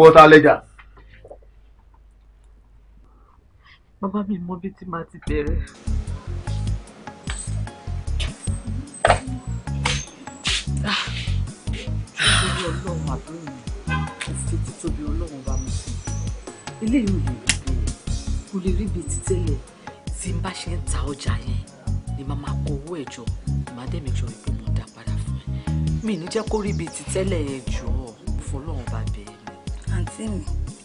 water ledger. bàbá mi mọ bí tí màá ti bẹ̀rẹ̀. nítorí ọlọ́run àbúrò mi kò fi títóbi ọlọ́run bá mi sùn eléyìí ò lè rí bẹ́ẹ̀ kò lè rí bíi ti tẹ́lẹ̀ tí n bá ṣe ń ta ọjà yẹn ni màá máa kó owó ẹ̀ jọ màá padà fún ẹ mi ní jẹ́ kó rí bíi ti tẹ́lẹ̀ ẹ̀ jọ fún ọlọ́run bá bẹ́ẹ̀ àǹtí mi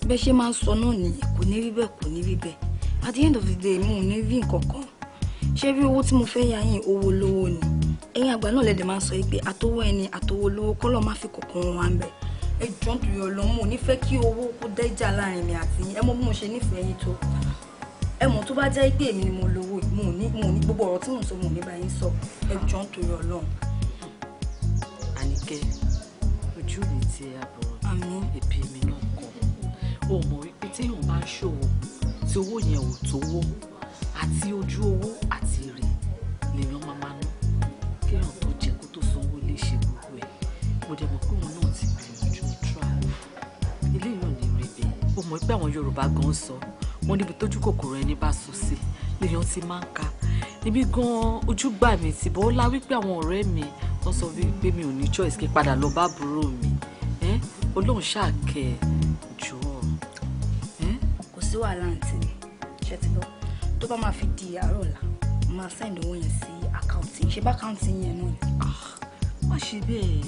bẹ́ẹ̀ ṣe máa ń sọ náà nìyẹn kò ní rí bẹ́ẹ̀ kò ní rí bẹ́ẹ̀ at the end of the day mo ò ní rí nǹkan kan ṣé bí owó tí mo fẹ́ yá yín owó lówó ni ẹ̀yin àgbà náà lẹ́dẹ̀ máa ń sọ yìí pé àtọwọ́ ẹni àtọwọ́ lówó kọ́lọ́ má fi kọ̀ọ̀kan wọn wá ń bẹ̀ ẹ jọ ń tuyọ̀ lọ mo ní fẹ́ kí owó kó dẹ́jà láàrin mi àti ẹ mọ bí mo ṣe nífẹ̀ẹ́ yín tó ẹ mọ tó bá jẹ́ pé èmi ni mo lówó mo ò ní mo ò ní gbogbo ọ̀rọ̀ tí mo sọ mo ò ní bá yín sọ ẹ jọ ń tuyọ̀ lọ. Àníkẹ́ ojú mi ti àbọ̀ èpè mi o mọ̀ wípé téèyàn bá ń ṣòwò tí owó yẹn ò tówó àti ojú owó àti èrè lèèyàn máa máa ná kéèyàn tó jẹ kó tó sanwó lè ṣe gbogbo ẹ̀ mo dẹ̀ mọ̀ pé òun náà ti gbìyànjú try eléyìí ò ní rí bẹ́ẹ̀ o mọ̀ pé àwọn Yorùbá gan sọ wọn níbi tójú kòkòrò ẹni bá sùn sí lèèyàn ti máa ń ka ibi gan ojú gbà mí ti bọ́ ó lá wípé àwọn ọ̀rẹ́ mi wọ́n sọ wípé mi ò ní choice kí padà lọ bá àbúrò mi ọlọ́run ṣáà kẹ́ ẹ̀ sí wàhálà àǹtí mi ṣe ti gbọ́ tó bá máa fi di àárọ̀ ọ̀la máa send owó yẹn sí àkáǹtì ṣe bá àkáǹtì yẹn náà ni. Ah, má ṣe bẹ́ẹ̀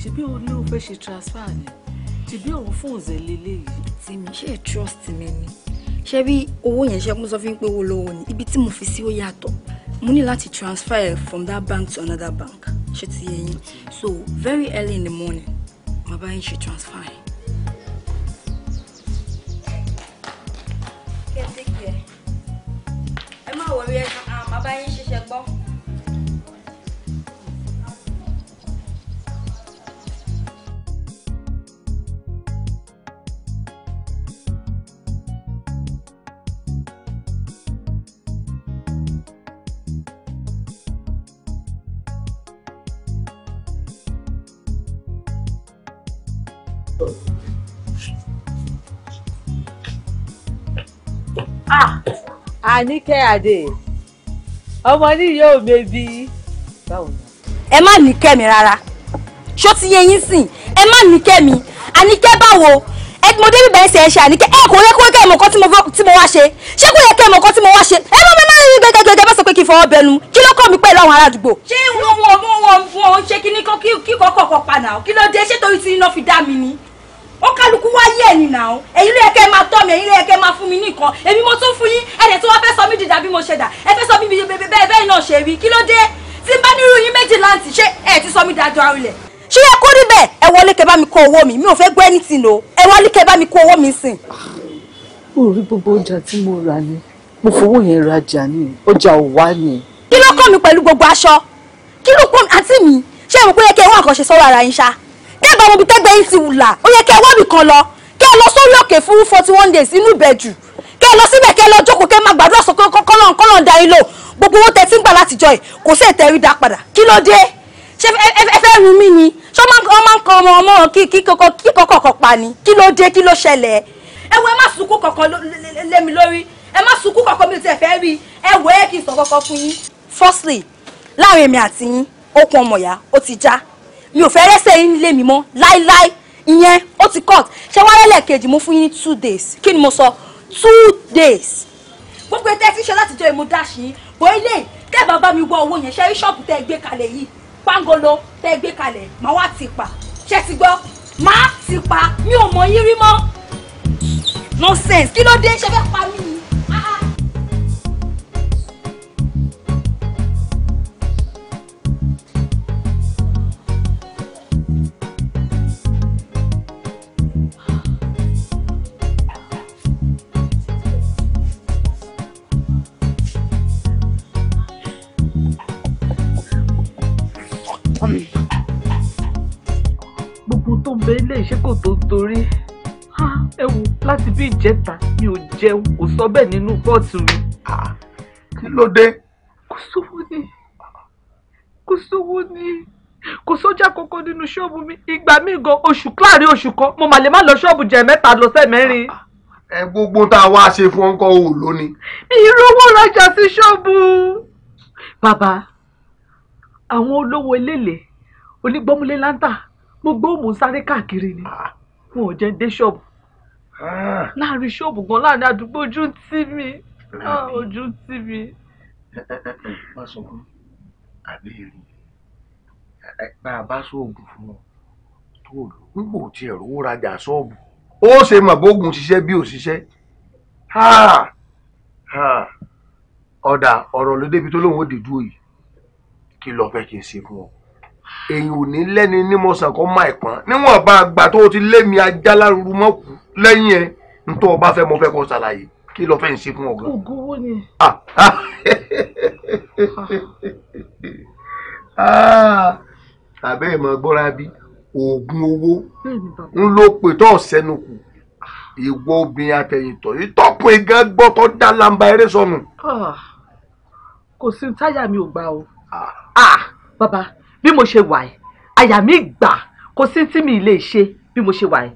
ṣe bí òun ló fẹ́ ṣe transfer ni ṣe bí òun fún òun zẹ̀lẹ̀ léyìí. tí mi trust mi ni ṣé bí owó yẹn ṣe mú sọ fún pé owó lọ́wọ́ ni ibi tí mo fi sí ó yàtọ̀ mo ní láti transfer from that bank to another bank ṣe ti yẹ yín so very early in the morning màá bá yín ṣe transfer yẹn. àníkẹ́ àdè ọmọ ní yóò mebi. ẹ má ní kẹ́mi rárá ṣó ti yẹ yín sìn ẹ má ní kẹ́mi àníkẹ́ báwo mo débi bẹ́ẹ̀ ṣe ẹ ṣe àníkẹ́ ẹ kò yẹ kó kẹ́ ẹ mọ̀ nǹkan tí mo wá ṣe ṣé kò yẹ kẹ́ ẹ mọ̀ nǹkan tí mo wá ṣe ẹ má mi má rí gẹ́gẹ́gẹ́gẹ́ bá sọ pé kí n fọwọ́ bẹnu kí ló kọ́ mi pẹ̀lú àwọn aládùúgbò. ṣé wọn wọn mú wọn fún ọ ṣe kí ní kí kọ́kọ́ kọ́ pa náà kí ló dé ṣé torí ti iná fi dá mi ni ó kálukú wá ni nàá ẹ̀yin ló yẹ kẹ́ máa tọ́ mi ẹ̀yin ló yẹ kẹ́ máa fún mi nìkan èmi mo tún fún yín ẹ̀dẹ̀ tí wọ́n fẹ́ sọ mí dìda bí mo ṣe dà ẹ fẹ́ sọ mí bẹ́ẹ̀ bẹ́ẹ̀ náà ṣe rí kí ló dé tí n bá nírú yín méjì láǹtì ṣé ẹ ti sọ mí dájọ́ àrùlẹ̀. ṣé yẹ kó rí bẹ́ẹ̀ ẹ wọlé kẹ́ bá mi ko owó mi mi ò fẹ́ gbọ́ anything o ẹ wọlé kẹ́ bá mi ko owó mi sìn. mo rí gbogbo ọjà tí mo rà ni mo fowó yẹn rajà ni ọjà ò wá ni. kí ló kọ́ mi pẹ̀lú gbogbo aṣọ kí ló kọ́ mi àti mi ṣé ìwọ̀n kó yẹ kí ẹ wá nǹkan ṣe sọ́wọ́ ara yín ṣá dẹ́gbàá mo bi tẹ́gbẹ́ yín ti wùlà ó yẹ kí ẹ wá mi kan lọ kẹ́ ẹ lọ sórí òkè fún forty one days inú ìbẹ̀jù kẹ́ lọ síbẹ̀ kẹ́ lọ jókòó kẹ́ ẹ gbàdúrà sọ kọ́lọ́n kọ́lọ́n da yín gbogbo owó tẹ ń gbà látijọ́ yìí kò sí ètò dá padà kí ló dé ṣé ẹ fẹ́ run mí ni ṣé wọ́n máa ń kọ ọmọ ọmọ kí kọ́kọ́ kọ pa ni kí ló dé kí ló ṣẹlẹ̀ ẹ wo ẹ má sunkún kọ̀ọ̀kan lé mi lórí ẹ má sunkún kọ̀ọ̀kan mi tẹ̀ fẹ́ rí ẹ wọ ẹ kí n sọ kọ́kọ́ fún yín. firstly láàrin èmi àti yín okun ọmọ ìyá ó ti já mi ò fẹ́ rẹ́sẹ̀ yín nílé mi mọ́ láíláí ìyẹn ó ti cut ṣé wàá lẹ́lẹ̀kejì mo fún yín ní two days kí ni mo sọ two days gbogbo ètò ti ṣe láti jọ èmo dáṣì bó ilé tẹ́ bá mi wọ owó yẹn ṣe rí ṣọ́ọ̀bù tẹ́ gbé kalẹ̀ yìí pangolo tẹ́ gbé kalẹ̀ màá wá ti pa ṣe ti gbọ́ màá ti pa mi ò mọ̀ yín rí mọ́ nonsense kí ló dé ṣe fẹ́ pa mí ni. ọbẹ̀ ilé ìṣẹ́kò tó torí ẹ wo láti bí ìjẹta mi ò jẹun kò sọ bẹ́ẹ̀ nínú pọ́ọ̀tù mi. kí ló dé. kò sówó ni kò sówó ni kò sójà kankan nínú ṣọ́ọ̀bù mi ìgbà míì gan oṣù láàrin oṣù kan mo mà lè má lọ ṣọ́ọ̀bù jẹ mẹ́ta lọ sẹ́mẹ́rin ẹ gbogbo tá a wá ṣe fún ọkọ òun lónìí. ìrówó rajà sí ṣọ́ọ̀bù. bàbá àwọn olówó eléèlé onígbọ́múlé láńtà mo gbọ́ mò ń sáré káàkiri ni ah. wọn ò jẹ́ dé ṣọ́ọ̀bù ah. láàrin ṣọ́ọ̀bù gan láàrin àdúgbò ojú tì mí ah, ojú tì mí. má sunkún àbí èrè bá a bá ṣọ́ọ̀bù fún ọ tó o lò nígbò tí ẹ̀rọ owó rajà ṣọ́ọ̀bù ó ṣe mà bógun ṣiṣẹ́ bí ò ṣiṣẹ́ ọ̀dà ọ̀rọ̀ ló débi tó lóun ó dé dúró yìí kí lọ́ọ́ fẹ́ kí n ṣe fún ọ èyàn ò ní lẹ́ni ní mọ̀sán kọ́ máa ìpọ́n níwọ̀n bá a gbà tó o ti lé mi ajá lárúurú mọ́ kú lẹ́yìn ẹ̀ ntọ́ ọba fẹ́ mo fẹ́ kọ́ ṣàlàyé kí lọ fẹ́ ń ṣe fún ọ̀gá. ògùn owó ni. àbẹ́ ah, ah. ah, ìmọ̀ gbọ́ra bí oògùn owó ń ló pè tó ọ̀sẹ́nu kù ìwọ obìnrin àtẹ̀yìntọ̀ ìtọ́kùn igán gbọ́ tó dá lamba eré sọnù. kò sí táyà mi ò gbà o. bàbá bí mo ṣe wà yìí àyà mi gbà kò sí tí mi lè ṣe bí mo ṣe wà yìí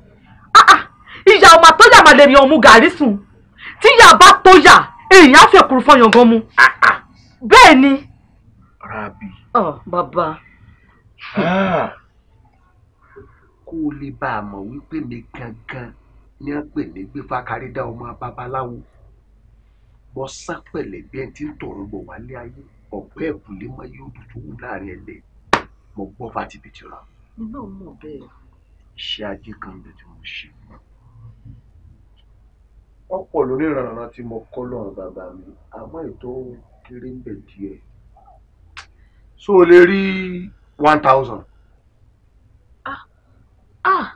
ah, ah, ìyá ọmọ àtọ́jà máa lè yan ọmú gàrí sùn tí ìyá bá tó yà èèyàn á fẹ̀kùrù fọyàn gan mu ah, bẹ́ẹ̀ ni. rabi. ọ oh, bàbá. kó o lè bá a mọ̀ wípé mi gangan ni wọ́n pè ní gbífa kárídá ọmọ babaláwo bọ́ sápẹ̀lẹ̀ bí ẹni tí ń tọrùn bọ̀ wálé ayé ọ̀pẹ́ ẹ̀kúlé mọ́ yóò dùn tó láàrin ẹlẹ́yìn mo gbọ́ fatibiti rọ. iná mọ̀ bẹ́ẹ̀. iṣẹ́ ajé kan bẹ tí mo ṣe. ọ̀pọ̀ lórí ìrànràn tí mo kọ́ lọ́rùn bàbá mi àmọ́ ètò kéré ń bẹ díẹ̀. so o lè rí one thousand. ah ah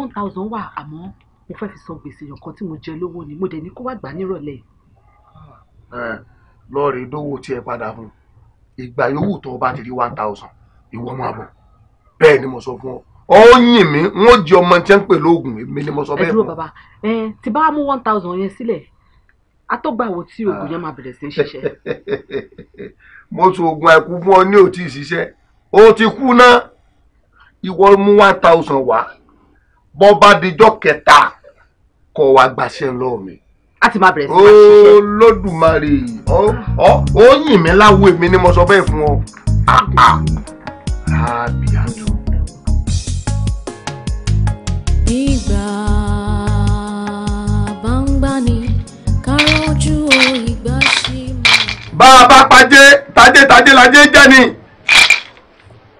one thousand wà àmọ́ mo fẹ́ fi san gbèsè èèyàn kan tí mo jẹ lówó ni mo dẹ̀ ní kó wá gbà nírọ̀lẹ́. Ah, eh, lọ́ọ̀rì dówó tiẹ̀ padà fún un ìgbà yòówù tó o bá ti rí one thousand ìwọ máa bọ̀ bẹ́ẹ̀ ni mo sọ fún ọ ó yìn mí n jẹ ọmọ tí ń pè lóògùn èmi ni mo sọ bẹ́ẹ̀ fún ọ. ẹ dúró bàbá ẹ ti bá mú one thousand yẹn sílẹ̀ atọ́gbàwọ̀ tí oògùn yẹn máa bẹ̀rẹ̀ sí í ṣiṣẹ́. mo tún oògùn àìkú fún ọ ní òtí ìṣiṣẹ́ o ti kú náà ìwọ mú one thousand wá bọ́ bá dijọ́ kẹta kọ̀ wá gbàṣẹ́ lọ́ọ̀ a ti máa bẹ̀rẹ̀ sí máa ṣiṣẹ́. olódùmarè ó yìn mí láwo èmi ni mo sọ bẹ́ẹ̀ fún ọ. Ah, ah. rábì àjọ. ìgbà bá ń gbá ni kárọ́jú o ìgbà sí mi. bá a bá pàjẹ́ tajétajé lajé jẹ́ ni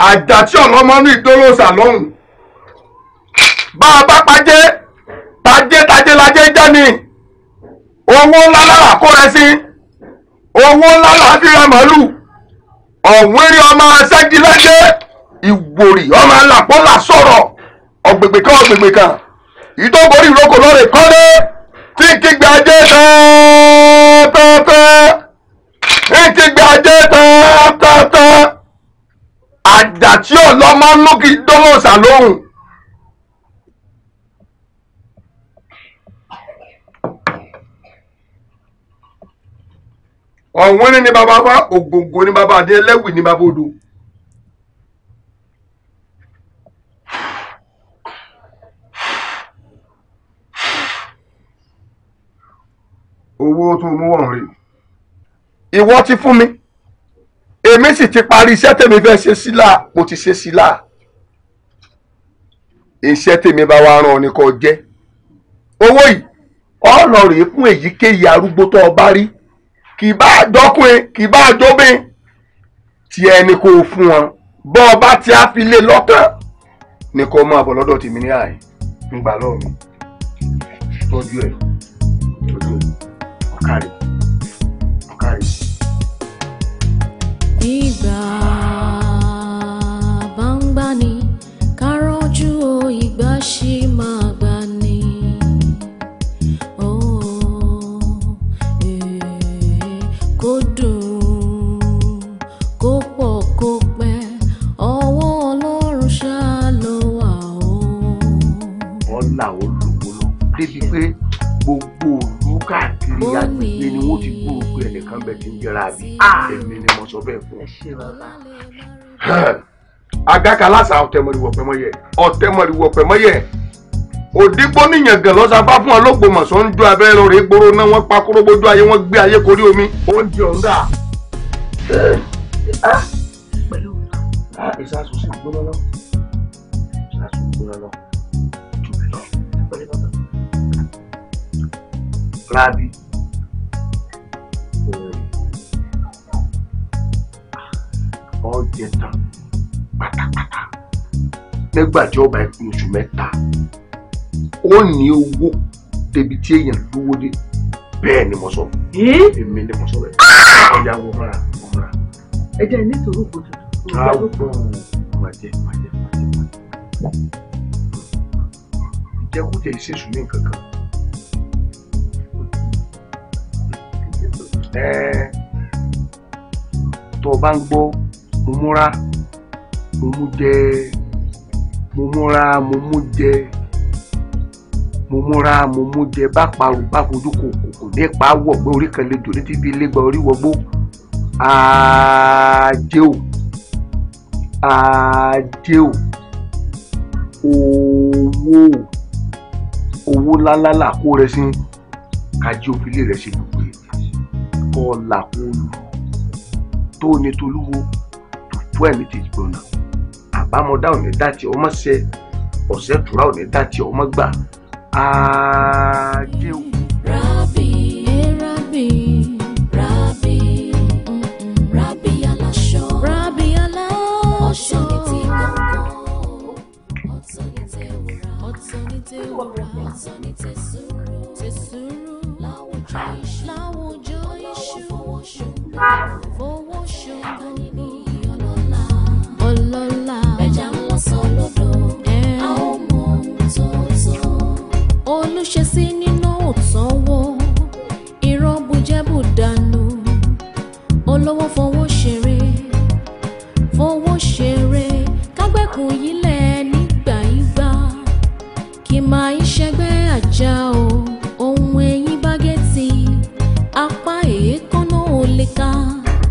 àjà tí ọlọ́mọ́nú ìdólóòsà lọ́hùn bá a bá pàjẹ́ tajétajé lajé jẹ́ ni owó ńlá lára kó rẹ sí owó ńlá lára fi rẹ màálù ọ̀hún eré ọmọ aṣẹ́gilẹ́gbẹ́ ìwòrì ọmọ alápọ́lá sọ̀rọ̀ ọ̀gbègbè kan ọ̀gbègbè kan ìtòkòrí ìrókò lọ́rẹ̀ kọ́lé tí kígbe ajé tẹ́tẹ́tẹ́ tí kígbe ajé tẹ́tẹ́tẹ́ àjà tí ọlọ́mọ ń lókì dọ́lọ́sà lóhùn. ọ̀wọ́n ní bàbá wa ògòǹgò ní bàbá adé ẹlẹ́wì ní bàbá odò. owó tó mú wọ̀n rè ìwọ ti fún mi èmi sì ti parí iṣẹ́ tèmi fẹ́ ṣe sílá mo ti ṣe sílá iṣẹ́ tèmi bá wa rán ọ ní kò jẹ́ owó yìí ọ̀nà rèé fún èyíkéyìí arúgbó tó o bá rí kì í bá àjọkùnrin kì í bá àjọbìn tí ẹni kò fún wọn bọ́ ọ bá ti á fi lé lọ́kàn ni kò máa bọ̀ lọ́dọ̀ tèmi ní àyè ńgbà lọ́ọ̀ tọ́jú ẹ̀ tọ́jú ẹ̀ ọ̀kàrí ìgbà bá ń gbani kárọ́jú o ìgbà ṣì máa. là ó lòwó lọ débi pé gbogbo òlú káàkiri agbègbè ni wọ́n ti gbó ògbé ẹnìkan bẹ̀ tí ń jẹra àbí èmi ni mo sọ bẹ́ẹ̀ fún ọ. agaka lásà ọ̀tẹ̀mọ̀lìwọ̀ pẹ̀mọ́yẹ ọ̀tẹ̀mọ̀lìwọ̀ pẹ̀mọ́yẹ òdìgbò níyàngàn lọ́sàbá fún ọlọ́gbọ̀mọ̀sọ́ ń jó abẹ́rẹ́ rẹ̀ gbóró náà wọ́n pa kórógbójú ayé wọ́n gbé ayé korí omi oúnjẹ ọ̀ǹda pẹ̀lú ìsásùn ah, sí gbóná lọ. ìsásùn gbóná lọ. Rabi. Ọ̀jẹ̀ tán pátápátá nígbà tí ọba ìpín oṣù mẹ́ta ó ní owó débi tí èèyàn lówó dé bẹ́ẹ̀ ni mo sọ eh? èmi ni mo sọ rẹ̀ ah! ọjà wo mọ́ra wo mọ́ra. ẹ jẹ́ nítorí òkú tuntun. àwọn máa jẹ máa jẹ máa jẹ máa jẹ. ìjẹkújẹ ìṣèṣù ní nǹkan kan. tó o bá ń gbọ́ mo múra mo mú jẹ mo múra mo mú jẹ mo múra mo mú jẹ bá parun bá fojú kòkòkò nípa wọ̀gbẹ́ orí kan lè jò létí bí lẹ́gbàá orí wọgbó ajé o ajé o owó owó lálálà kó rẹ sí kájí òfìlè rẹ ṣe lù ọ̀là olù tó ní tolúwo fún ẹ̀mí ti gbọ̀nà àbámọ̀dá ò ní dá tí ọmọ ṣe ọ̀sẹ̀ tura ò ní tí ọmọ gbà áájẹ́ o. rábì rábì fowó ṣògo ní ọlọ́lá ọlọ́lá ẹja wọn sọ lọ́dọ̀ a ó mọ ohun tó tọ́. olùṣesí nínú òtánwó irọ́ bujẹ́bù máa ń ṣẹgbẹ́ àjà o.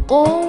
오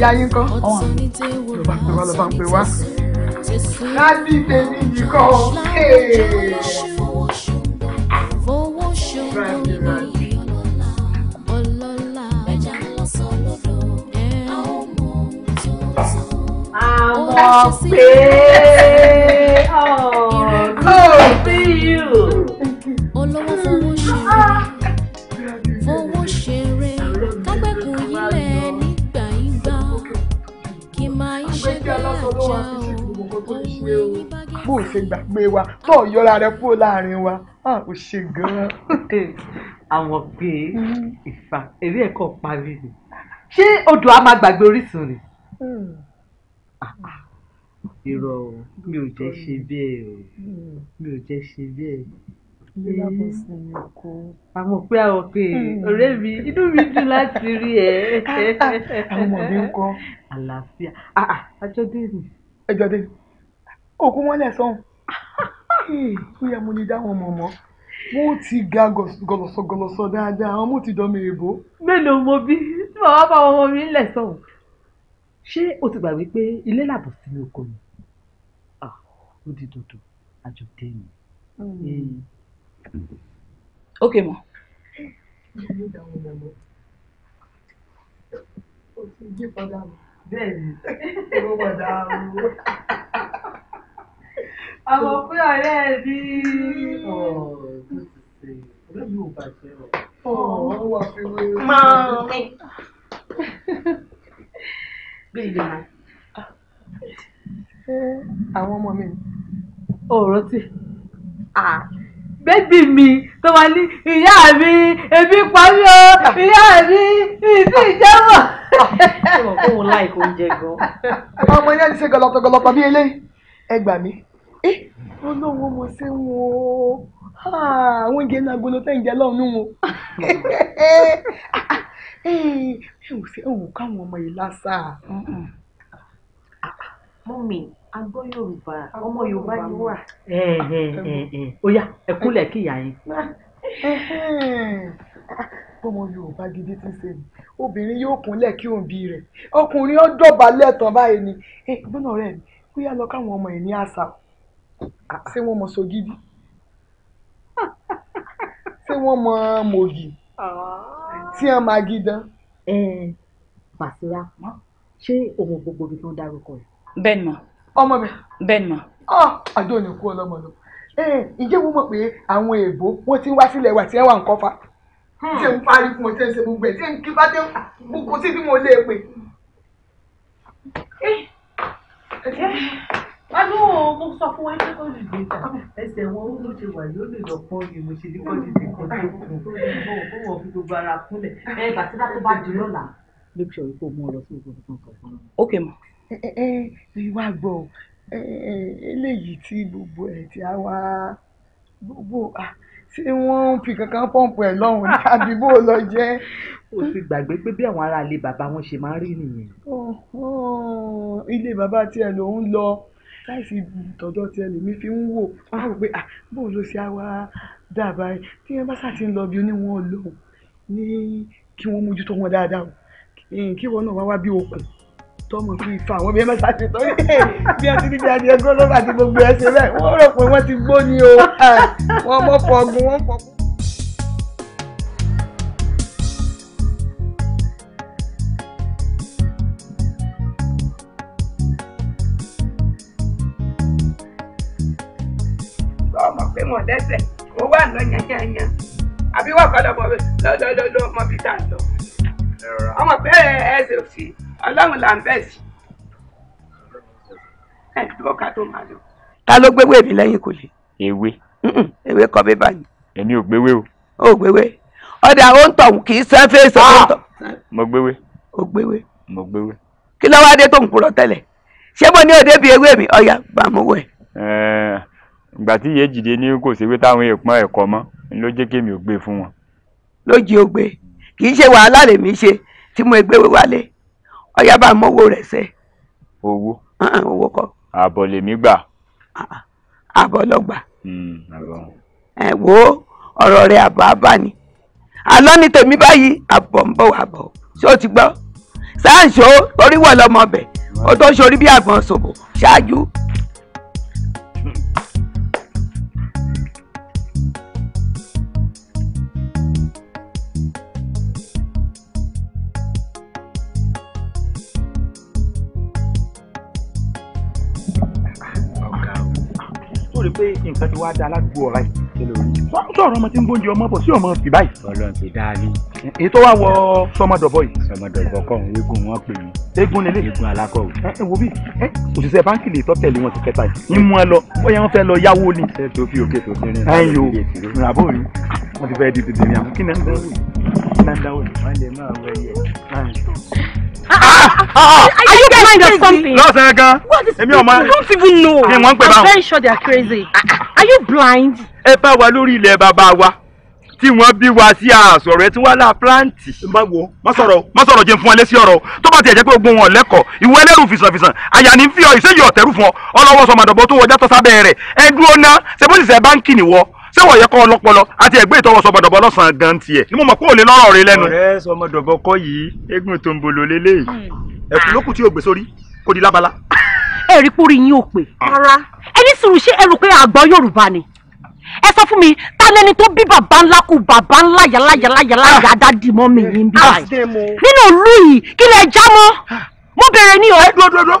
ìyá yín kọ́ ọ̀hún ló bá pè bá ń pè wá láti tèmi yìí kọ́ ọ́ gbé wa tó yọra rẹ kúrò láàrin wa ah, ó ṣe gan-an. àwọn pé ìfà eré ẹ̀kọ́ parí ni ṣé odò a máa gbàgbé orísun ni. Hmm. irọ́ o mi ò jẹ́ ṣe bẹ́ẹ̀ o hmm. mi ò jẹ́ ṣe bẹ́ẹ̀ àmọ́ pé àwọn pé hmm. ọ̀rẹ́ mi inú mi dùn láti rí ẹ. àwọn ọmọ ń kọ́. àlàáfíà àjọdé ah, ah, ni. ẹjọ dé òkú wọn lẹ sọhùn. Hmm, ó yẹ mo ní dáhùn ọmọ mọ́ wọ́n ti ga gọlọsọ gọlọsọ dáadáa àwọn ọmọ ti dọ́mọ èèbó. mélòó mo bí tí màá bá ọmọ mi lẹ̀ sọ̀rọ̀ ṣé o ti gbàgbé pé ilé làbọ̀ sínú oko mi ah, ó di dòdò àjò dé mi. ok mọ. bẹ́ẹ̀ni ó wà dáa o ọmọ pé ọ̀rẹ́ mi. ọ̀rẹ́ mi ò bàjẹ́ o. ọ̀rọ̀ wà fi wé. mọ́ọ̀mí. bí ìdè máa. ṣé àwọn ọmọ mi ò rántí? bébì mi tó wà ní ìyá mi ebi pa mí o ìyá mi ìsì ìjẹ́bọ̀. ṣé mo kó wọn láì kó oúnjẹ gan. ọmọ yẹn ti ṣe gọlọtọgọlọtọ bí eléyìí ẹ gbà mí. olówó eh, mo ṣe ń wo ah, àwọn oúnjẹ náà agolo tẹ́ ń jẹ wọn. ẹ ò káwọn ọmọ yìí lásà. mọ́mì yorùbá ọmọ yorùbá wà. Eh, eh, kí ìyá yín. Ah, ọmọ yorùbá gidi ti ṣe ni obìnrin yóò kúnlẹ̀ kí òǹbí rẹ̀ ọkùnrin Ah, ṣé wọ́n mọ sogidi ṣé wọ́n mọ mògì tí wọ́n máa gidan. pàṣírà ṣé òun gbogbo ibi tí wọ́n dárúkọ rẹ̀. bẹ́ẹ̀ ni ọmọ mi. bẹ́ẹ̀ ni. Ah, àjọ ò ní kú ọlọ́mọ lọ ǹjẹ́ wọ́n mọ̀ pé àwọn èèbó wọ́n ti ń wá sílẹ̀ wà tí wọ́n wà ń kọ́fà tí hmm. ń parí fún ọ tí ń ṣe gbogbo ẹ̀ tí ń kí bá tí ń gbogbo sí bí mo lè pè. Eh. Ọdún mo sọ fún wọn pé kó lè gbé ta. Ẹsẹ̀ wọn ó ló ṣe wà yóò lè lọ́pọ̀ yìí mo ṣe ní kọ́ ní ìdíkan tó kù. Fún wọn fi gbogbo ara kúnlẹ̀. Ẹ bàtílá tó bá di lọ́la. Make sure kó mú ọ lọ sí ìgbòho tó ń sọ fún mi. Ok ma. Ẹ ẹ ìwà gbọ́ eléyìí tí gbogbo ẹ̀ tí a wá gbogbo ṣé wọ́n ń fi kankan pọ́ǹpù ẹ̀ lọ́hùn ní àdìbò lọ jẹ́. o ti gbàgbé pé bí àwọn aráalé bàbá wọn ṣe máa ń rí nìyẹn. ilé bàbá tiẹ̀ lòún lọ ṣáìsì tọ̀dọ̀ tí ẹlòmí fi ń wò wọ́n á rò pé bóun ló ṣe á wá dábàá yìí tí wọ́n bá ṣàti ń lọ bí oníwọ̀n lòun ní kí wọ́n mójútó wọn dáadáa o kí wọ́n náà wá wá bí okùn tọmọ fi fa àwọn bí ẹ mẹ́ta ti tọ́ bí ẹ ti ní bí adìẹ gólóbà ti gbogbo ẹ ṣe bẹ́ẹ̀ wọ́n rò pé wọ́n ti gbó ni o wọ́n mọ̀ pọ̀ ọ̀gùn wọ́n pọ̀ pọ̀. mọ̀ lẹ́sẹ̀ ó wà lọ yanyanyan àbí wà kọ́ lọ́mọ lọ́lọ́lọ́ ọmọ bíi tá a lọ. ọmọ pé ẹsẹ̀ òsì ọlọ́run là ń bẹ̀ sí. ẹ dúró ká tó máa lọ. ta ló gbéwé mi lẹ́yìn kò lè. ewé. ewé kọ́ mi báyìí. èmi ò gbéwé o. ó gbéwé ọdẹ àwọn ń tọ̀hún kì í sán fèsì ó ń tọ̀. mo gbéwé. ó gbéwé. mo gbéwé. kí ló wá dé tó ń kúrò tẹ́lẹ̀ ṣé mo ní òde bíi ewé mi ọ̀ya bàmú wẹ̀ ìgbà tí ìyé jìde ní kò sí wípé táwọn èèpọn ẹ̀kọ́ mọ́ ló jẹ́ kémi ò gbé fún wọn. lójì ó gbé kì í ṣe wàhálà lèmi ṣe tí mo gbé wálé ọyá bá mọ́wó rẹ̀ sẹ́. owó owó kọ. àbọ̀ lèmi gbà. àbọ̀ lọ́gbà. Hmm, ẹ wo ọ̀rọ̀ rẹ̀ àbọ̀ abá ni àlọ́ ni tèmi báyìí àbọ̀ ń bọ̀ wà bọ̀ ṣé o ti gbọ́ sáà ń ṣó orí wọ̀ lọ́mọ ọbẹ̀ o tó ń ṣorí bí àgbọn ṣòbò ṣáájú. pé nǹkan ti wá da aládùúgbò ọ̀rá yìí kí wọ́n sọ̀rọ̀ ọmọ tí ń gbóúnjẹ ọmọ bọ̀ sí ọmọ fi báyìí. Ọlọ́run ti dá a rí. èyí tó wá wọ sọmọdọ̀bọ yìí. sọmọdọ̀bọ kọ́ òun eégún wọn pè mí. eégún lélẹ̀. eégún alákọ̀wé. ẹ wo bí òṣìṣẹ́ báńkì lè tọ́tẹ̀lé wọn ti kẹta yìí. ní mú ẹ lọ bóyá wọ́n fẹ́ lọ yáwó ni. ṣé tó fi òkè tó fi Ah, ah, ah. Are you blind or something? What is Èmi ọmọ. You don't even know. I'm very sure they are crazy. Are you blind? Ẹ wa lórí ilẹ̀ bàbá wa tí wọ́n bí wa sí àsọ̀rọ̀ ẹ tí wọ́n lá pláǹtì. má wo má sọ̀rọ̀ má sọ̀rọ̀ jẹun fún ọ lẹ́sí ọ̀rọ̀ tó bá tiẹ̀ jẹ́ pé ogun wọn lẹ́kọ̀ọ́ ìwọ ẹlẹ́rù fìsànfìsàn àyà ní fi ọ ìṣèjì ọ̀tẹ̀rù fún ọ ọlọ́wọ́ sọmọdọ̀bọ tó wọjá tọ́sábẹ́ rẹ̀ ẹ dúró ná ṣe bó sì ṣe báńkì nìwọ ṣé wọ̀nyẹ kọ́ ọlọ́pọlọ àti ẹ̀gbẹ́ ìtọ́wọ́ sọmọdọ̀bọ lọ́sàn-án gan tiẹ̀ ni mo mọ̀ pé ò lè lọ́rọ̀ rẹ lẹ́nu. ọ̀rẹ́ sọmọdọ̀bọ kọ́ yìí eégún tó ń bolo lélẹ́yìí hmm. ẹ̀kú lókù tí o gbé sórí kò di lábala. ẹ rí pórí yín ò pé ah. rárá ẹni sùúrù ṣé ẹ rò pé àgbọ̀ Yorùbá ni ẹ sọ fún mi ta lẹni tó bí bàbá ńlá kù bàbá ńlá yàláyàláyàlá yàdá ah. dì mọ́ mi yín bí báyìí nínú ìlú yìí kí lẹ já mọ́ mo bẹ̀rẹ̀ ní o. Eh, dọ́dọ́dọ́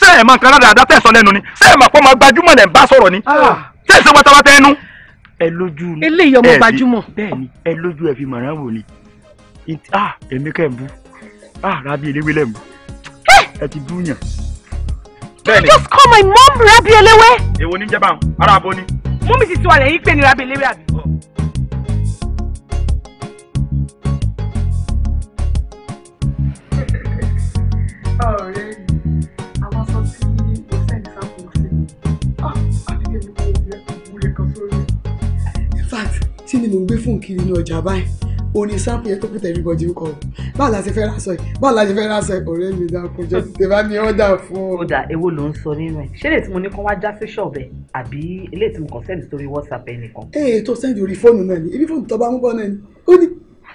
ṣé ẹ̀ máa ń kan ládàá dá tẹ̀sán lẹ́nu ni ṣé ẹ̀ máa pọ́ máa gbajúmọ̀ lẹ́ ń bá sọ̀rọ̀ ni ah. ṣé ẹ̀ ṣe wátawátá ẹnu ẹ lójú ni. eléyìí ọmọ gbajúmọ̀. bẹ́ẹ̀ni ẹ lójú ẹ fi mọ̀ràn wò ni ah èmi kẹ́ ń bú ah rabi eléwé lẹ́ ń bú ẹ ti bú yàn. you just call my mom rabi eléwé. èwo ní jẹba ara abo ni. mú mi sì ti wà lẹ́yìn pé ni rabi eléwé àbí. ọ̀rẹ́. Oh, tí ni mò ń gbé fún kiri ní ọjà báyìí òun ni sample yẹn tó pètè everybody kọ o báwo la ṣe fẹ́ ra sọ ẹ báwo la ṣe fẹ́ ra sọ ẹ ọ̀rẹ́ mi náà kò jọ tètè bá mi ọ̀dà fún. ọ̀dà èwo ló ń sọ nínú ẹ̀ ṣé lè tí mo ní kó wá já sí ṣọ̀bẹ̀ àbí eléyìí tí mo kàn sẹ́ndì sórí whatsapp ẹ nìkan. ẹ ẹ tó sẹ́ndì orí fóònù náà ni ibi fóònù tó bá mú bọ́ náà ni ó ní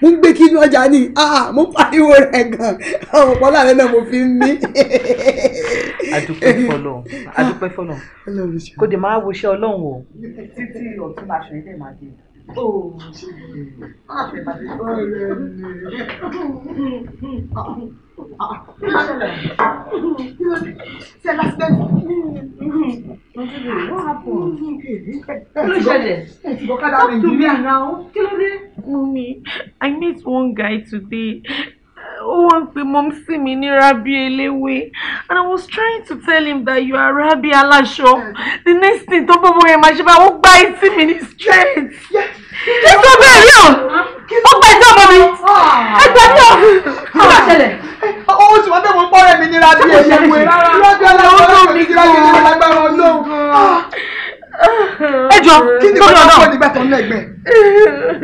mo ń gbé kí inú ọjà ni ah, ah, mo pariwo rẹ gan àwọn ọ̀pọ̀ láàrin náà mo fi ń mí. adúpẹ́ fọlọ́ adúpẹ́ fọlọ́ ah, kò dé máa wo iṣẹ́ ọlọ́run o títí ọ̀tún máa ṣe é dé máa dé. Oh, ṣe lásìkò. What happened? Kí ló ṣẹlẹ̀? Talk to me now. Kí ló dé? Mummy, I met one guy today wọ́n ń pe mọ́mísì mi ní rabi eléwé and i was trying to tell him that you are rabi aláṣọ the next thing tó bọ́ bọ́ yẹn máa ṣe bá wọ́n gbá etí mi ní straight. kí ló bẹ́ẹ̀ rí o ó gbà ẹjọ́ ọmọ mi ẹgbẹ́ mi ò kí ló ṣẹlẹ̀. owó tí wọ́n tẹ̀wọ́ pọ́ọ̀rẹ́ mi ní rabi eléwé rabi aláṣọ mi ní rabi eléwé lágbára ọlọ́run ẹ jọ kí ni kọ́nà náà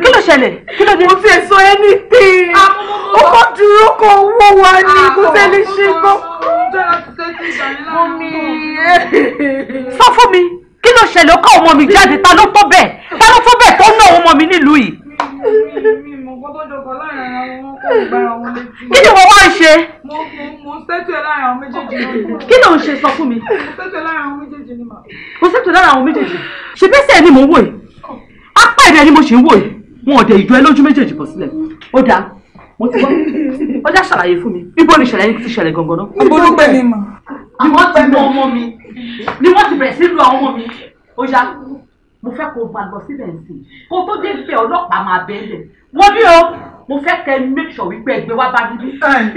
kí ló ṣẹlẹ̀ kí ló dé. mo fi ẹ̀sọ́ ẹni pé ó kọ́ dúró kó owó wa ni ah, kó tẹ́lẹ̀ ṣe kọ́. sọ fún mi kí ló ṣẹlẹ̀ ó kọ́ ọmọ mi jáde ta ló tó bẹ́ẹ̀ ta ló tó bẹ́ẹ̀ tó ná ọmọ mi nílùú yìí kí ni wọ́n wá ń ṣe. mo ṣètò ẹ láàrin àwọn méjèèjì náà. kí ló ń ṣe sọ fún mi. mo ṣètò ẹ láàrin àwọn méjèèjì ni mà. mo ṣètò ẹ láàrin àwọn méjèèjì. ṣe bẹ́sẹ̀ ni mò ń wò yìí. apá ẹ̀dẹ̀ ni mo ṣì ń wò yìí. wọn ò dẹ̀ ìjọ ẹ lójú méjèèjì bọ̀ sílẹ̀. ó dáa mo ti gbọ́. ọjà ṣàlàyé fún mi. ibo ni ìṣẹ̀lẹ̀ yín ti ṣẹlẹ̀ gangan náà. ibo ló pẹ́ mi mà. àwọn ti mú ọmọ mi ni wọ́n ti bẹ̀rẹ̀ sí lu àwọn ọmọ mi. ó yá mo fẹ́ kó o bá lọ síbẹ̀ sí i kó tó dé bẹ̀ ọlọ́pàá máa bẹ́ẹ̀ lẹ̀ wọ́n bí o mo fẹ́ kẹ́ ẹ make sure wípé ẹgbẹ́ wa bá níbí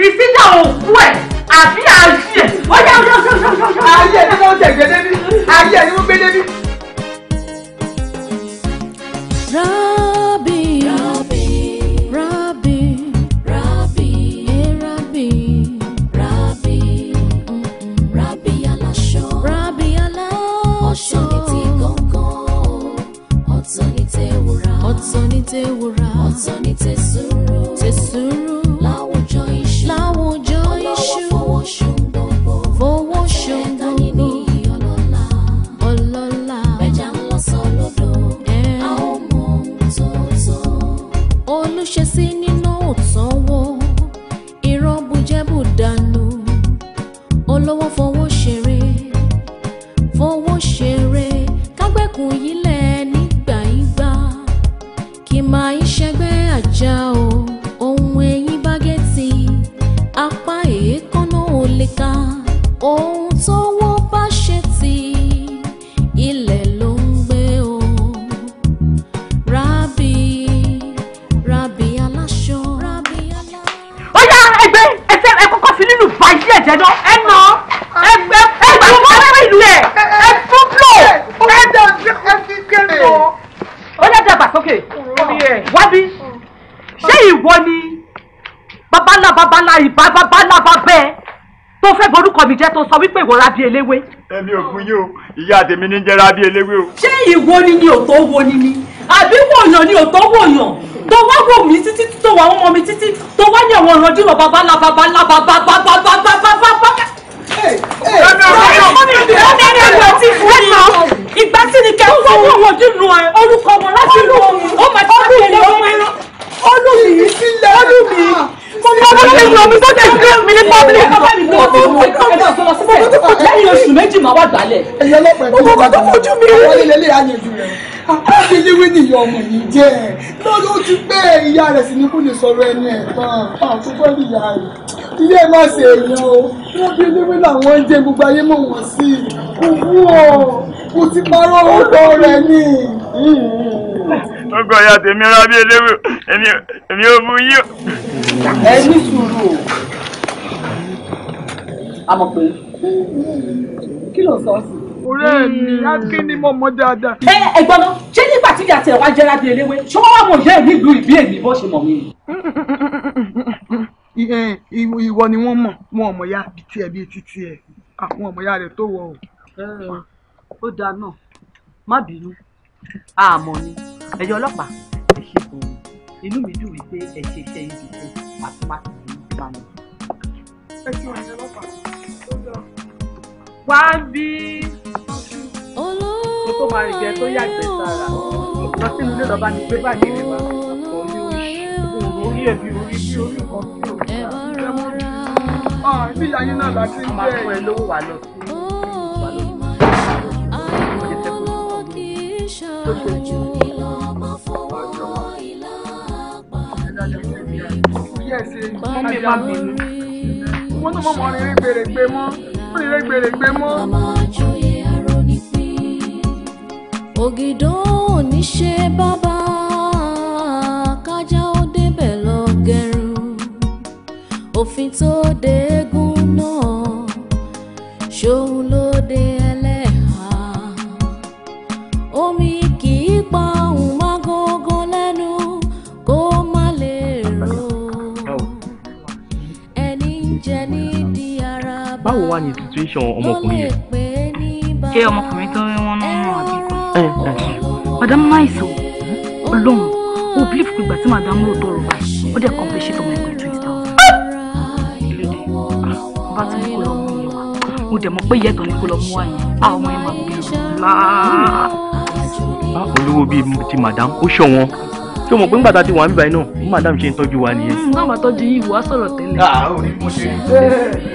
ìsíjà òkú ẹ̀ àbí àṣẹ ó yẹ ó yẹ ó yẹ ó yẹ ó yẹ. ayé ni wọ́n tẹ̀gbẹ́ débi ayé ni wọ́n gbé débi. ọ̀sán ní tewúrà ọ̀sán ní tẹ̀sùrù tẹ̀sùrù. ìbábábálàbá bẹ́ẹ̀ tó fẹ́ borúkọ mi jẹ́ tó sọ wípé ìwọ rábí eléwé. èmi ò fún o ìyá àtèmi ní jẹ́ rábí eléwé o. ṣé ìwo ni ni òtó wo ni ni àbí wòyàn ni òtó wòyàn tó wá wò mí títí tó wà ọmọ mi títí tó wá ní àwọn ìrànjú lọ bàbá la bàbá ìgbà tí ni kẹ́kọ̀ọ́ wọ́n wọ́n wọ́n dínú ẹ orúkọ wọn láti lù ọ́ máa ti sábẹ́ ẹ̀rọ wọn olùmí olùmí mo ní ọdún tí mo mi sọ́jà ìgbé mi ní pọ́bílì mo tó ń pè kàn mí mo tó tó fojú mi lẹ́yìn oṣù méjì máa wà gbálẹ̀ mo tó tó fojú mi rí akíndéwé nìyọ ọmọ yìí jẹ lọ́dún ti pẹ́ ìyá rẹ̀ sì ni kò lè sọ̀rọ̀ ẹnu ẹ̀ tán àkókò ìyá rẹ̀ ilé ẹ̀ má ṣe èèyàn o wọ́n bí eléwé làwọn ń jẹ gbogbo ayé mọ̀ wọ́n sí kò wú o kò ti parọ́ ọ̀dọ́ rẹ̀ ni. ọgọ ìyá tèmi ra bí eléwé èmi ò mú yí. ẹ ní sùúrù o a mọ̀ pé kí ló sọ sí ọ̀rẹ́ mi mm. akín ni mo mọ dáadáa. ẹ ẹ̀gbọ́n náà ṣé nígbà tí ìyá tiẹ̀ wá jẹrà bíi eléwé ṣé wọn wá mọ ìyá ẹ nílùú ìbí èmi bó ṣe mọ̀ mí ni. ìwọ ni wọn mọ wọn ọmọ ya bíi tiẹ̀ bíi títí ẹ àwọn ọmọ ya rẹ tó wọ o. ó dáa náà má bínú àmọ́ ni ẹ̀yọ́ ọlọ́pàá ẹ ṣe fún mi inú mi dùn wípé ẹ ṣe iṣẹ́ ibi iṣẹ́ àti má ti dùn ún pa mi. ẹ ṣe ọ̀yẹ́ ọlọ́pàá wá ń bí kó máa rìn jẹ tó yàgbẹ́ sára lọ sínú ilé lọ́ba ní pé báyìí rẹ̀ wá orí oṣù orí ẹ̀bí orí bí orí nǹkan bí òòrùn ẹ̀rọ mọ́ mi. bí ayé náà láti ń bẹ́ẹ̀. ẹ lówó wà lọ sí wà lọ sí ọjọ́ tẹ́kọ̀ọ́ mọ́ ó lè gbèrègbè mọ́. màmá àjòyè arónífín ògìdó òní ṣe bàbá kájà ó débẹ̀ lọ gẹrun òfin tó dé eégún náà ṣòun ló dé ẹ. wà ní situation ọmọkùnrin yẹn. ṣé ọmọkùnrin tó wọn náà mọ àbí nǹkan. madam nice o ọlọ́run o believe pé ìgbà tí madam ló tọrọ báyìí ó dẹ̀ compensate ọmọ ẹgbẹ́ twenty thousand. Ah, bá ti kó lọ mú yẹn wá mo dẹ̀ mọ̀ pé ìyá ni kó lọ mú wá yẹn a ah, ọmọ yẹn máa gbèrò láà. Ah, olówó bíi ti madam ó ṣọ̀wọ́n tí o mọ̀ pé ń gbàtà ti wà ń bíbáyìí náà madam ṣe ń tọ́jú wa nìyẹn. nígbà tó di ìwà sọ̀rọ̀ tẹ́lẹ̀.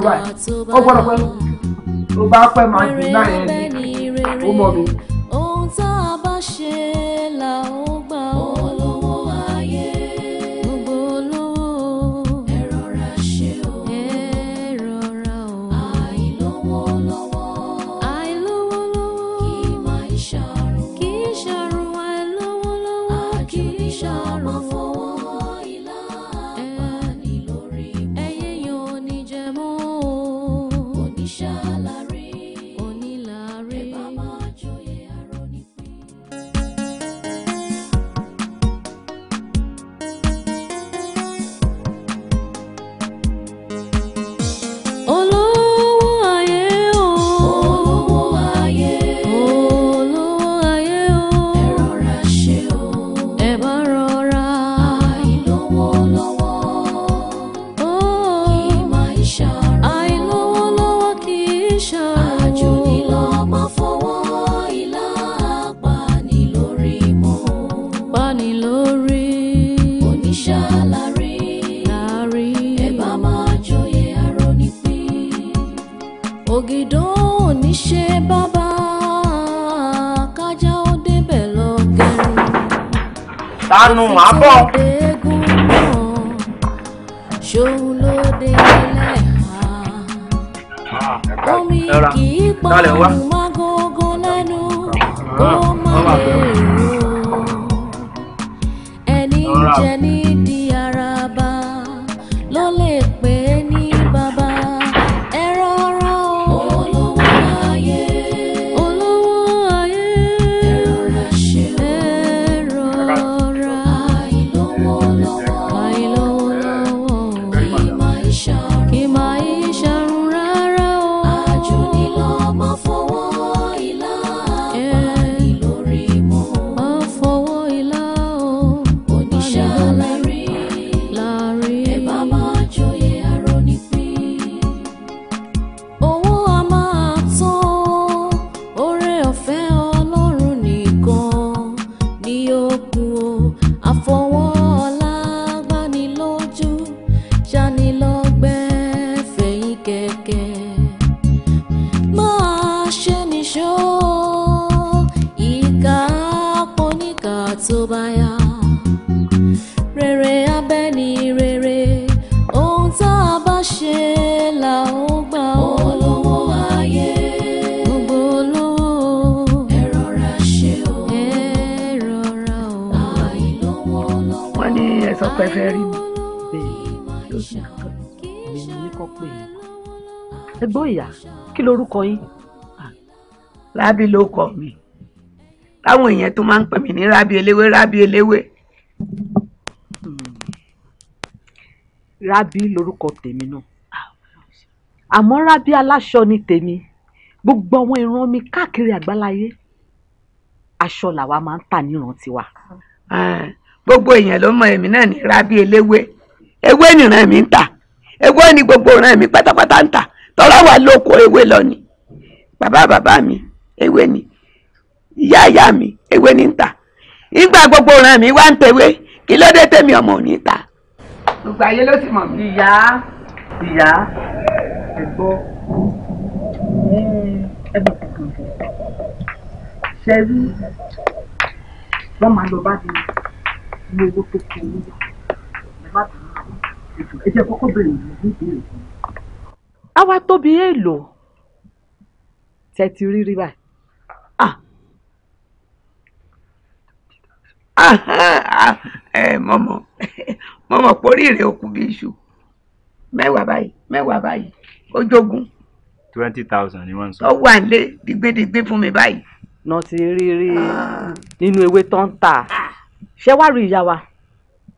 kó báyìí ó gbọ́dọ̀ pẹ́ tó bá pẹ́ máa ju náà yẹn ní ó mọ̀ mi. rábì ló kọ mi táwọn èèyàn tó máa ń pè mí ní rábì eléwé rábì eléwé. rábì lórúkọ tèmi náà àmọ́ rábì aláṣọ ni tèmi gbogbo àwọn ìran mi káàkiri àgbáláyé aṣọ làwa máa ń tà níran tiwa. gbogbo èèyàn ló mọ èmi náà ní rábì eléwé ewé nìran mi ń tà ewé ni gbogbo ìran mi pátápátá ń tà tọ́lá wa lóko ewé lọ ni bàbá bàbá mi ewé ni ìyá ìyá mi ewé ni ń tà ìgbà gbogbo ràn mí wá ń tewé kí ló dé tèmi ọmọ ò ní ta. gbogbo ayé ló sì mọ̀ mí. ìyá ìyá ẹ gbọ́ kankan ṣe rí wọ́n máa lọ bá mi ní owó tó kọ owó ẹ má ẹ jẹ́ kọ́kọ́ bẹ̀rẹ̀ ìlú ní ìbéèrè. àwa tóbi èèlò tẹ ti báyìí. mọ̀mọ́ mọ̀mọ́ poríire òkú bí iṣu mẹ́wàá báyìí mẹ́wàá báyìí ó jogun. twenty thousand ni wọ́n sọ. ó wà nílé dìgbédìgbé fún mi báyìí. náà ti rí rí ah. nínú ewé tó ń tà ah. ṣé wàá rí ìyá wa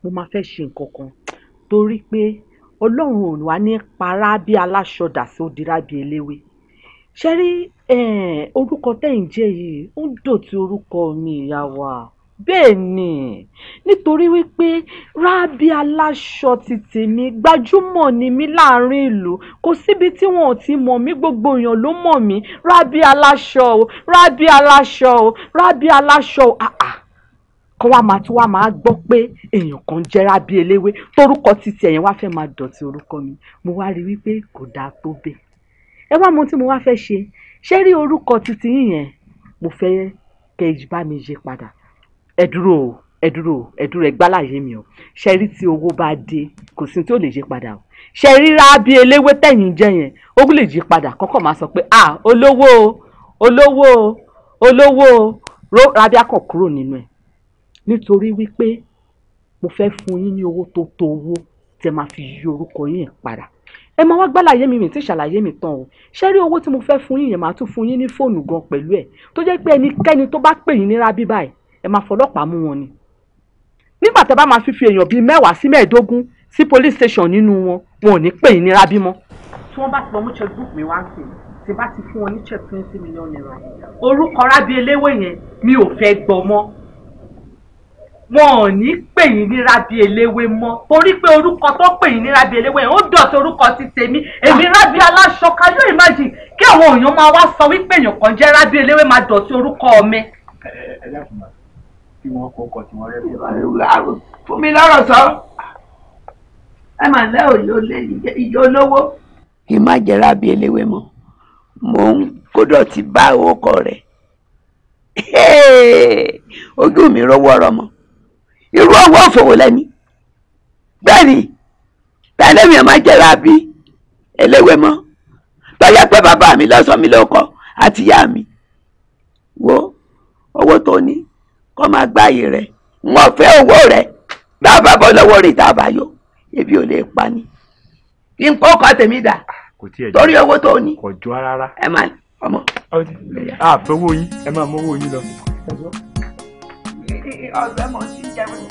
mo máa fẹ́ ṣe nǹkan kan torí pé ọlọ́run ò wá ní para bí aláṣọ dàsí ó dira bí eléwé ṣe rí orúkọ tẹ́yìn jẹ́ yìí ó ń dòtí orúkọ mi ìyá wa bẹ́ẹ̀ ni nítorí wípé rábì aláṣọ ti tèmi gbajúmọ̀ ni mí láàrin ìlú kò síbi tí wọn ò ti mọ̀ mí gbogbo èèyàn ló mọ̀ mí rábì aláṣọ o rábì aláṣọ o rábì aláṣọ o àà kọ́ wa máa tún wá máa gbọ́ pé èèyàn kan jẹ́ rábì eléwé torúkọ títí ẹ̀yẹn wá fẹ́ máa dọ̀tí orúkọ mi mo wá rí wípé kò dáa tó bẹ́ẹ̀ ẹ wá mo tí mo wá fẹ́ ṣe ṣé rí orúkọ títí yìnyẹn mo fẹ́ kẹ́ bá mi yí padà ẹ dúró o ẹ dúró o ẹ dúró ẹ gbálàyé mi o ṣe rí tí owó bá dé kò sí tí ò lè yí padà o ṣe ríra bí eléwé tẹ̀yìn jẹ yẹn ó lè yí padà kọ́kọ́ máa sọ pé ah olówó o olówó o olówó o rábíà kọ̀ kúrò nínú ẹ̀ nítorí wípé mo fẹ́ fún yín ní owó tó tó owó tẹ́ máa fi yí orúkọ yín padà ẹ máa wá gbàlàyé mi mi tí ṣàlàyé mi tán o ṣé rí owó tí mo fẹ́ fún yín yẹn màá tún fún yín ní fóònù gan pẹ̀lú ẹ̀ tó jẹ́ pé ẹnikẹ́ni tó bá pè yín ní rábí ẹ máa fọlọ́pàá mú wọn ni nígbà tẹ bá máa fífi èèyàn bíi mẹ́wàá sí mẹ́ẹ̀ẹ́dógún sí police station nínú wọn wọn ò ní pè yín nira bímọ. tí wọ́n bá ti lọ mú checkbook mi wá sí ti bá ti fún wọn ní check twenty million naira orúkọ rábí eléwé yẹn mi ò fẹ́ gbọ́ mọ́ wọn ò ní pè yín ní rábí eléwé mọ́ torí pé orúkọ tó pè yín ní rábí eléwé yẹn ó dọ̀tí orúkọ ti tèmi èmi rábí aláṣọ kan yóò ìmájì kí àwọn èèyàn máa wá sọ wípé èèyàn kan jẹ́ rábí eléwé máa dọ̀tí orúkọ mi. ẹ ẹ ẹ dákun máa kí wọ́n kó ọkọ̀ tí wọ́n rẹ́ fún. Ah, fún mi lọ́rọ̀ sọ ẹ máa lẹ́ òye olè ìjọ olówó. kí n má jẹ́ra bí eléwé mọ́ mò ń kódọ̀ ti bá ọkọ rẹ̀ ojú mi rọwọ́ ọ̀rọ̀ mọ́ irú ọwọ́ òfòwò lẹ́ni bẹ́ẹ̀ ni tẹ́lẹ̀ mi ò má jẹ́ra bí eléwé mọ́ tọ́jà pé bàbá mi lọ́sọ̀ mi lọ́kọ̀ àti ìyá mi wo owó tó ní kọ́ máa gbáyé rẹ̀ mo fẹ́ owó rẹ̀ bá a bá bọ́ lọ́wọ́ rẹ̀ tá a bá yọ ebi ò lè pa ni kí n kọ́ ọkọ tèmi dà torí owó tó ní ẹ máa ní ọmọ. àfẹ́wọ́ yín ẹ máa mọ́wọ́ yín lọ. ọ̀sẹ̀ mọ̀ sí jẹun.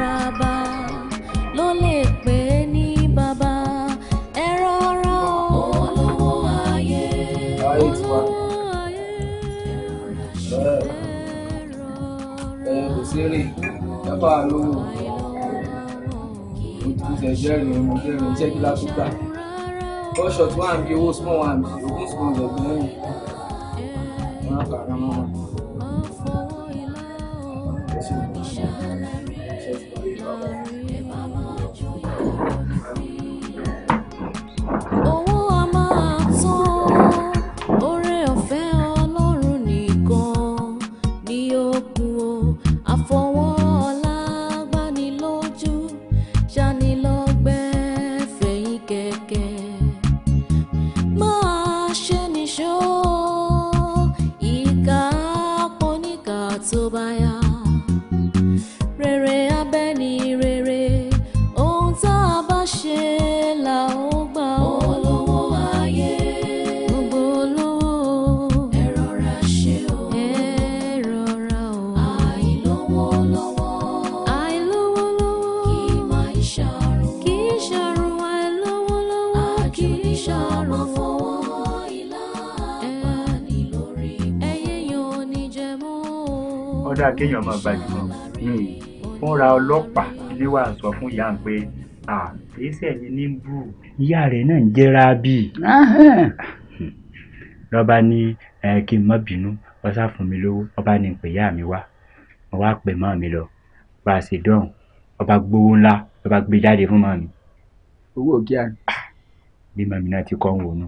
àfà ló ìtúsẹ̀ jẹ́rìí ọmọ jẹ́rìí jẹ́ kí látó gbà bọ́ṣọ̀ tí wọ́n small ń bí owó small one ogún small lẹ́gbẹ̀ẹ́ yìí kéèyàn máa gba ìmọ̀ hmm. fúnra ọlọ́pàá ilé wa sọ fún ìyá ń pé àtẹ́sẹ̀ ni ní bù. ìyá rẹ̀ náà ń jẹ́ra bí lọ́ba ní kí n má bínú ọ̀sá fún mi lówó ọba ní pè ìyá mi wá mo wá pè mọ́ mi lọ bá a ṣe dọ̀hùn ọba gbowó ńlá ọba gbé jáde fún mọ́ mi. owó kí a. bí màmí náà ti kọ́ ń wò nù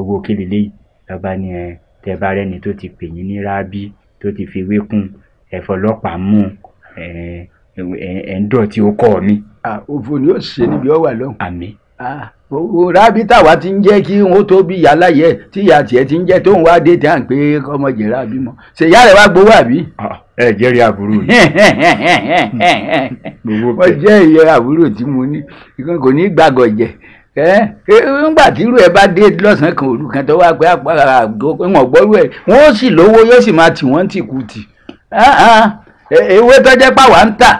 owó kí lélẹ́yìí lọ́ba ní ẹ tẹ bá rẹ́ni tó ti pè yín ní rábí tó ti fi wé kún un ẹ̀fọlọ́pàá mú ẹ̀ ń dọ̀tí ọkọ mi. òfò ni ó ṣe níbi ọ wà lọ́hùn. àmín. rábí táwa ti ń jẹ́ kí wọ́n tó bí ìyá láyé tí ìyá tiẹ̀ ti ń jẹ́ tóun wá dé tí à ń pé ọmọ jẹ̀rẹ̀ àbí mọ́ ṣèyá rẹ̀ wá gbowó àbí. ẹ jẹ́rìí àbúrò ni. mo jẹ́ ìyẹ àbúrò tí mo ní kò ní gbàgọ̀ jẹ nígbà tí irú ẹ bá dé lọ́sàn-án kan òru kan tó wá pé àgbọ̀gbọ̀rú ẹ̀ wọ́n sì lówó yóò sì máa tì wọ́n tì kú tì. Eh, eh. Eh, ewé tó jẹ́ pàwọ́ ń tà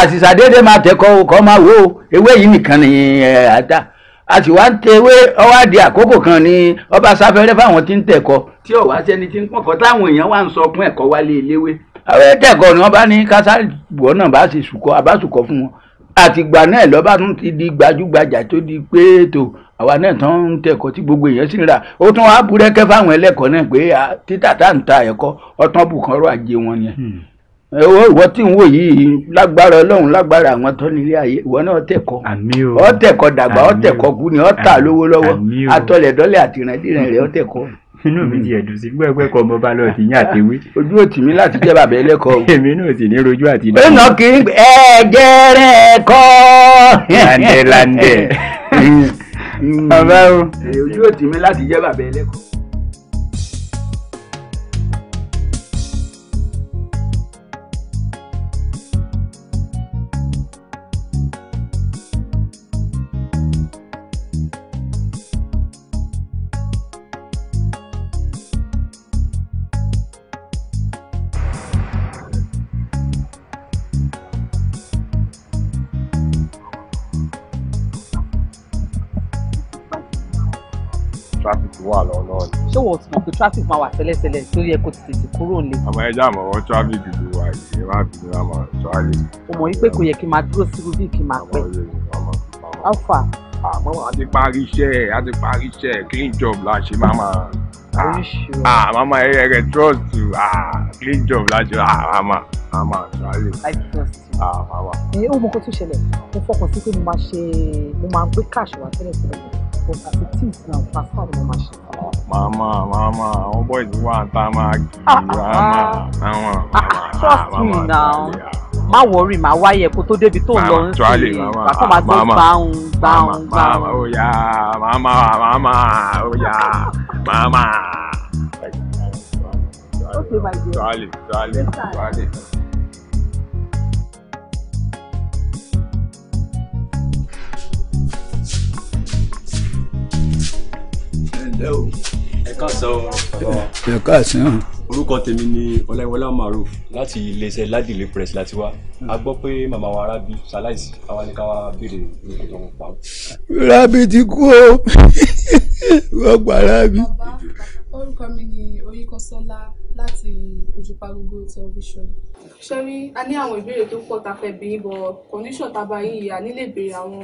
àṣìṣàdédé máa tẹ̀kọ́ kọ́ máa wò ó ewé yìí nìkan ni àdá a sì wá ń tẹ ewé ọwádìí àkókò kan ní ọba sáfẹ́rẹ́ fáwọn tí ń tẹ̀kọ́ tí ọ̀wá sẹ́ni tí ń pọ̀kọ́ táwọn èèyàn wá ń sọ fún ẹ̀kọ́ wálé eléwé àwọn tẹ̀kọ́ ni wọ́n bá ní kásárìgbọ́ náà bá sì sùkọ́ àbá sùkọ́ fún wọn àtìgbà náà lọ́ba tún ti di gbajúgbajà tó di pé àwa náà tán ń tẹ̀kọ́ tí gbogbo èèyàn sì ń rà ó tún wàá búrẹ́kẹ́ fáwọn ẹlẹ́kọ̀ọ́ náà pé ah, títà tá à ń ta ẹ̀kọ́ ọtán bùkọ́rọ̀ àjẹ wọn ni owó hmm. ìwọ tí ń wò yìí lágbára Ọlọ́run lágbára àwọn tó nílé ayé ìwọ náà tẹ̀kọ́ ọ tẹ̀kọ́ dàgbà ọ tẹ̀kọ́ kú ni ọ tà lówó lọ́wọ́ atọ́lẹ̀dọ́lẹ̀ àtìrìnàdìrìn rẹ̀ ọ tẹ̀kọ́ inú mi ti ẹ̀dùn sí gbẹ́gbẹ́ kan mo bá lọ ní àtẹwé. ojú òtí mi láti jẹ́ bàbá ẹlẹ́kọ̀ọ́. èmi náà sì ní rojú àti ìdáná. ẹnà kì í ẹ̀jẹ̀ kọ́. lande lande. Mm. bàbá o. Eh, ojú òtí mi láti jẹ́ bàbá ẹlẹ́kọ̀ọ́. traffic wà lọ́nà ni. ṣé wọ́n ti mọ̀ pé traffic máa wà tẹ́lẹ̀tẹ́lẹ̀ tó yẹ kó ti tètè kúrò ní. àmọ́ ẹja àmọ́ wọn traffic ju wa ìṣe máa fi ní àmọ́ sọ́ọ́lì. o mọ̀ wípé kò yẹ kí n máa dúró sí rubik kí n máa pẹ́. how far. àmọ́ a ti parí iṣẹ́ a ti parí iṣẹ́ clean job la ṣe máa máa. oríṣiríṣi. àmọ́ ẹ̀rẹ̀ I trust you. Ah, clean job la Ah, mama, mama, sọ́ọ́lì. i trust àmàwà. ẹ ó mọ nǹkan tó ṣẹlẹ̀ mo fọkàn sí pé mo máa ṣe mo máa gbé cash wá tẹ́lẹ̀ tẹ́lẹ̀ Ah, mama, mama, tips náà pàṣẹ àwọn ọmọ àṣẹ. màmá màmá àwọn boys wà tá a ah, ah. mama. Mama, mama, mama, mama. màmá màmá má wọrí má wáyẹ kó tó débi tó ń mama. Mama, mama, pàṣẹ máa mama, mama, gbàùn gbàùn. mama. oya màmá màmá oya màmá. Okay, my dear. Charlie, Charlie, Charlie. lẹ́ o. ẹ káàsán o. ẹ káàsán. orúkọ tèmi ni ọláyíwọlá maruf láti iléeṣẹ́ ládìlé press láti wá a gbọ́ pé màmá wa rábí ṣaláìsí àwa ni ká wá béèrè orúkọ tó ń pa o. rábí ti kú o wọ́n pa rábí. bàbá orúkọ mi ni oyinkanṣọ́lá láti Ojúpalógo television. ṣẹ́rí a ní àwọn ìbéèrè tó pọ̀ tá fẹ́ bí bọ̀ condition tá a bá yìí a nílè béèrè àwọn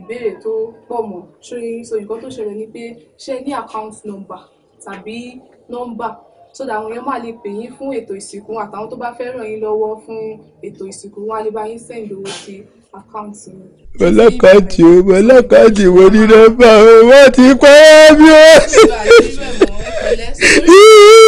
ìbéèrè tó pọ̀ mọ́ ṣóyè so nǹkan tó ṣẹlẹ̀ ni pé ṣé ní account number tàbí number so that àwọn èèyàn máa lè pè yín fún ètò ìsìnkú àtàwọn tó bá fẹ́ ràn yín lọ́wọ́ fún ètò ìsìnkú wọn á lè bá yín send owó sí àkáǹtì mi. mọ̀lẹ́kàjì o mọ̀lẹ́kàjì wo ni nọ́mbà o wọ́n ti kọ́ ọ́ bí wọ́n ti.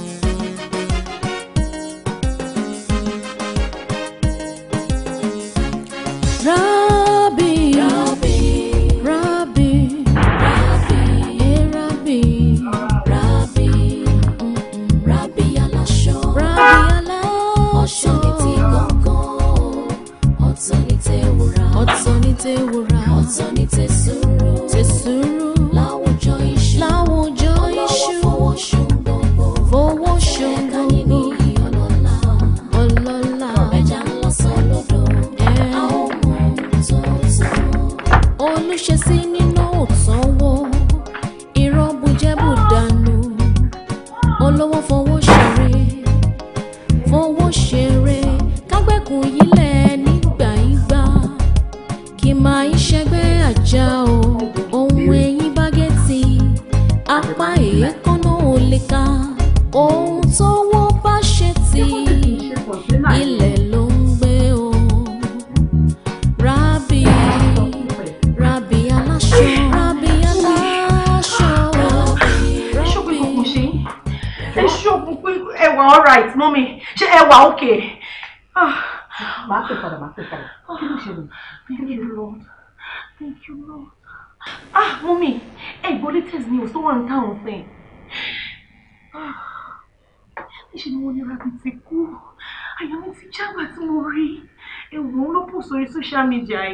আমি যাই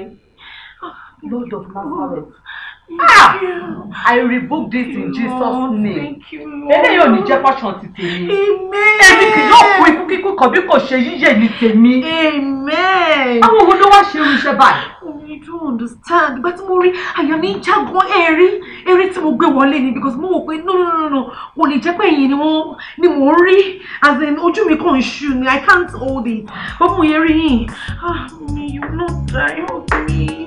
বলতো মা হবে I revoke this in Jesus' name. Eléyìí ò ní jẹ́ portion ti tèmi. Èmi kì yóò kú ikú kíkú kan bí kò ṣe yíyẹ ní tèmi. Àwọn wo ló wá ṣe irú iṣẹ́ báyìí? Oh, you don't understand. Ìgbà tí mo rí àyà mi ń jágun eré eré tí mo gbé wọlé ni because mo wò pé no no no kò lè jẹ́ pé èyí ni mo ń rí as in ojú mi kàn ń ṣú ni I can't hold it. Bọ́mú yẹn rí yìí. Ah, mi, you no die, help me.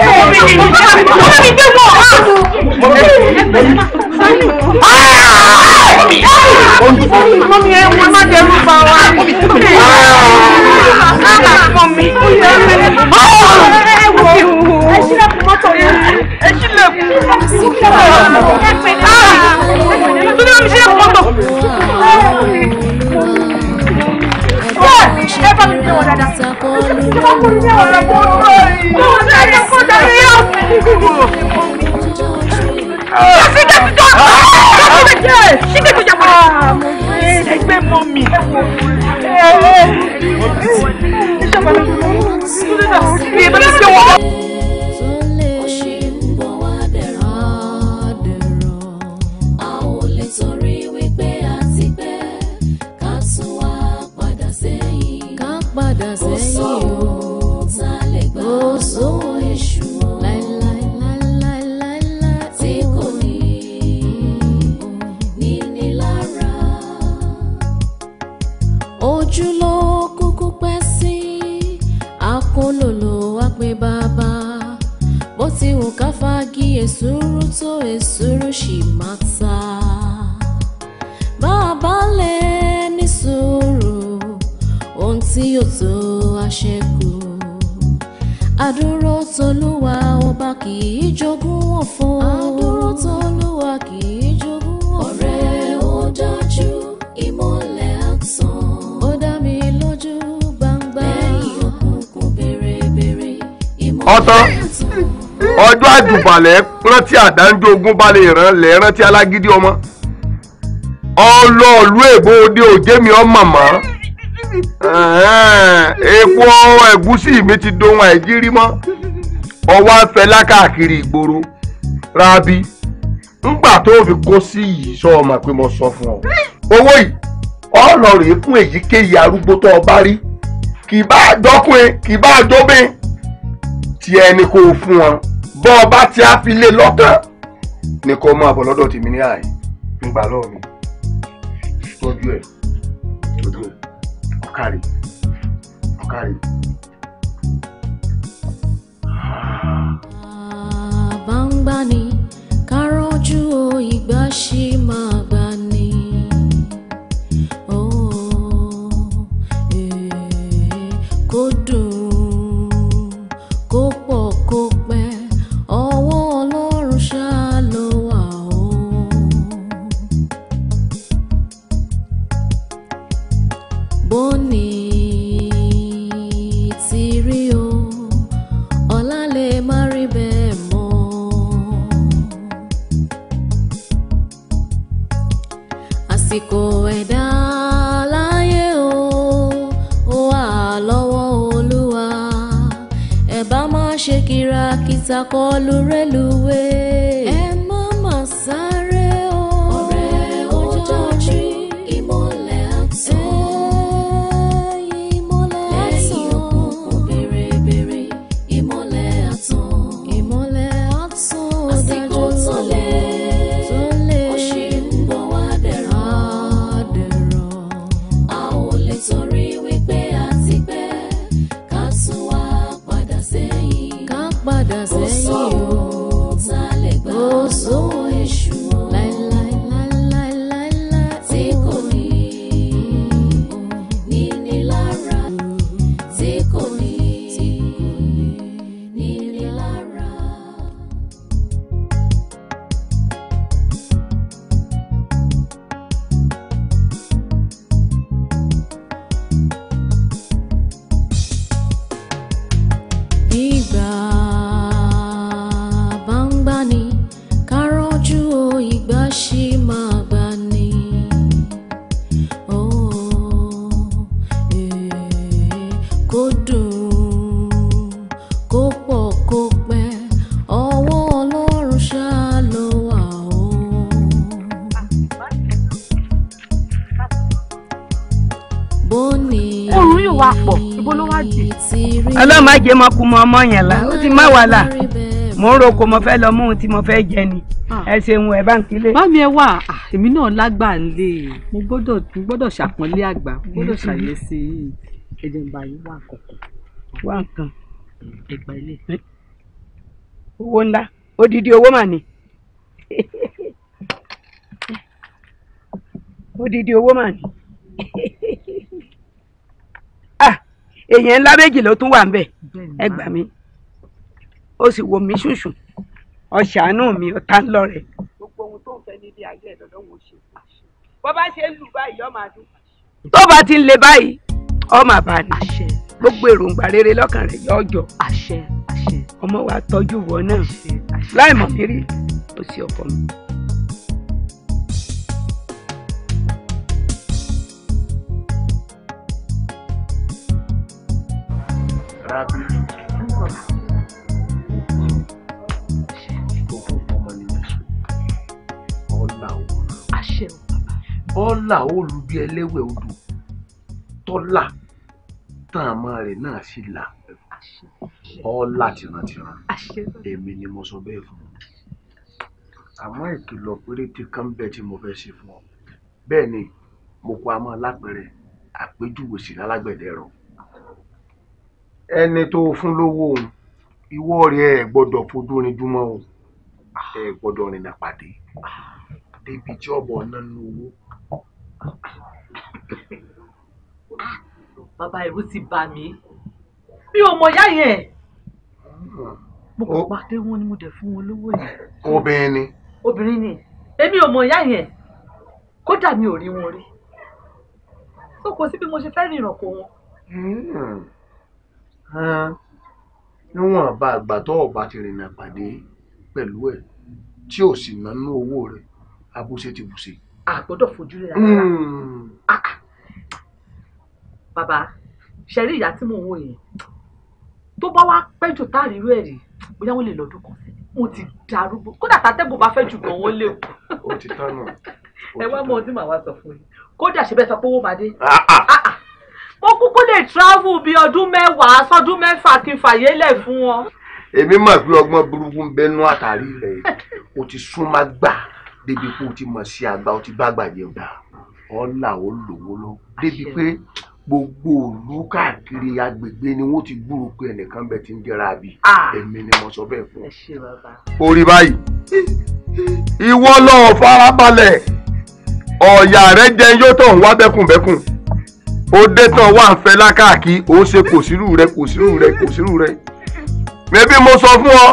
mọ́mí ẹ ẹ bá mi gbé wọn ti wù ká fagiyè sùúrù tó èsùúrù ṣì máa ṣẹ́kù àdúró tolúwa ọba kì í jogún ọ̀fọ̀ àdúró tolúwa kì í jogún ọ̀fọ̀ ọ̀rẹ́ ó dájú ìmọ̀lẹ̀ àtàn ó dá mi lójú gbangba lẹ́yìn òkùnkùn bèrèbèrè ìmọ̀lẹ̀ àtàn. ọjọ́ àdùbàlẹ̀ rántí àdánjogún balẹ̀ ràn lẹ́ rántí alágídí ọmọ ọlọ́ọ̀lú èbó òde òjé mi màmá. epo egusi mi ti dohun àìjírí mọ́ ọwọ́ afẹ́lá káàkiri ìgboro rabi ngba tó fi kó sí yìí sọ ọmọ pé mo sọ fún ọ owó yìí ọ rèé fún èyíkéyìí arúgbó tó o rí kì bá dọ́kùnrin kì bá dóbìn tí ẹni kò ti fi lé ni mọ tèmi ní àyè lọ́ọ̀ mi ọ̀kàrì ọ̀kàrì. àbá ah, ń gbani kárọ́jú o ìgbà ṣì máa gbani. àsìkò ẹ̀dá láyé o ó wà lọ́wọ́ olúwa ẹ bá ṣe kìràkìtà kọlu rélùwéè. mọ ọmọ yẹn la ó ti má wà là mò ń roko mo fẹ́ lọ mú ohun tí mo fẹ́ jẹ ni ah. ẹ ṣeun ẹ bá ń kílé. bá ẹ wà ah, èmi náà lágbà ń lè mo gbọ́dọ̀ mo gbọ́dọ̀ ṣàpọ́nlé àgbà mo gbọ́dọ̀ mm-hmm. ṣàyẹ̀sí ẹ̀jẹ̀ ń bá yín wà kọ̀ọ̀kan. wà nǹkan ẹgbà ilé. owó ńlá odidi owó mà ni odidi owó mà ni ah, èèyàn ńlá méjì ló tún wà ń bẹ̀ ẹ gbà mí ó sì wò mí ṣùṣù ọ̀ṣàánú mi ọ̀tá ń lọ rẹ̀. gbogbo ohun tó ń fẹ́ nílé ayé ẹ̀ lọ́dọ̀ wọn ṣe àṣẹ bó bá ṣe ń lù báyìí yóò máa dún. tó bá ti ń le báyìí ọmọ àbá ni àṣẹ gbogbo èròǹgbà rere lọ́kàn rẹ̀ yọ ọjọ́ àṣẹ àṣẹ ọmọ wa tọ́jú wọ náà láì mọ̀ nírí ó sì ọkọ mi. bọ́là olùbí ẹlẹ́wẹ̀ odò tọ́là tán àmọ́ rẹ̀ náà sì là ọ̀la tìrantìran èmi ni mo sọ bẹ́ẹ̀ fún un àmọ́ ìkìlọ̀ péréte kan bẹ́ẹ̀ tí mo fẹ́ ṣe fún ọ bẹ́ẹ̀ ni mo kọ́ a máa lápẹ̀rẹ̀ àpéjúwe sí lálágbẹ̀dẹ rọ̀ ẹni tó fún lówó òun ìwọ rẹ ẹ gbọ́dọ̀ fojú rin júmọ o ẹ gbọ́dọ̀ rìn náà pàdé débi tí ọbọ náà ń lówó. bàbá ìrú ti bà mí mi ò mọ ìyá yẹn mo kò pàdé wọn ni mo dẹ̀ fún wọn lówó yẹn. obìnrin ni. obìnrin ni èmi ò mọ ìyá yẹn kódà mi ò rí wọn rí so kò sí bí mo ṣe fẹ́ rìnrìn kò wọn. Hmm um níwọnba ìgbà tó o bá ti rìnnà pàdé pẹ̀lú ẹ̀ tí o sì nánú owó rẹ̀ abúṣe ti bùṣe. a gbọ́dọ̀ fojú rẹ̀ rárá. Hmm. Ah, ah. bàbá ṣẹ̀rí ìyá tí mò ń wò yẹn tó bá wá pẹ́jù táàrírú ẹ̀ rí bóyá wọ́n lè lọ́dún kan mo ti darúgbó kódà tàtẹ́gùn bá fẹ́ jù gan wọ́n lè kú. o ti tán náà. ẹ wá mọ ohun tí màá wá sọ fún yín kódà ṣe bẹ́ẹ̀ sọ pé owó máa dé. Ah, mo kúkú lè travel bíi ọdún mẹ́wàá sọ́dún mẹ́fà kí n fàyélẹ̀ fún wọn. èmi mọ̀ pé ọgbọ́n burúkú ń bẹnu àtàrí rẹ̀ o ti súnmọ́ gbà débi pé o ti mọ̀ sí àgbà o ti bá àgbà jẹun ọ̀là ó lòwó lọ débi pé gbogbo òlú káàkiri agbègbè ni wọn ti gbúrò pé ẹnìkan bẹ ti ń jẹra àbí èmi ni mo sọ bẹ́ẹ̀ fún ọ. orí báyìí ìwọ lọ farabalẹ̀ ọ̀yà rẹ jẹun yóò tó ń wá bẹ́kùnbẹ́kùn. o dé tán wà ń fẹ́ lákàkí ó ṣe kò sírù rẹ kò sírù rẹ kò sírù rẹ. mẹ́bí mo sọ fún ọ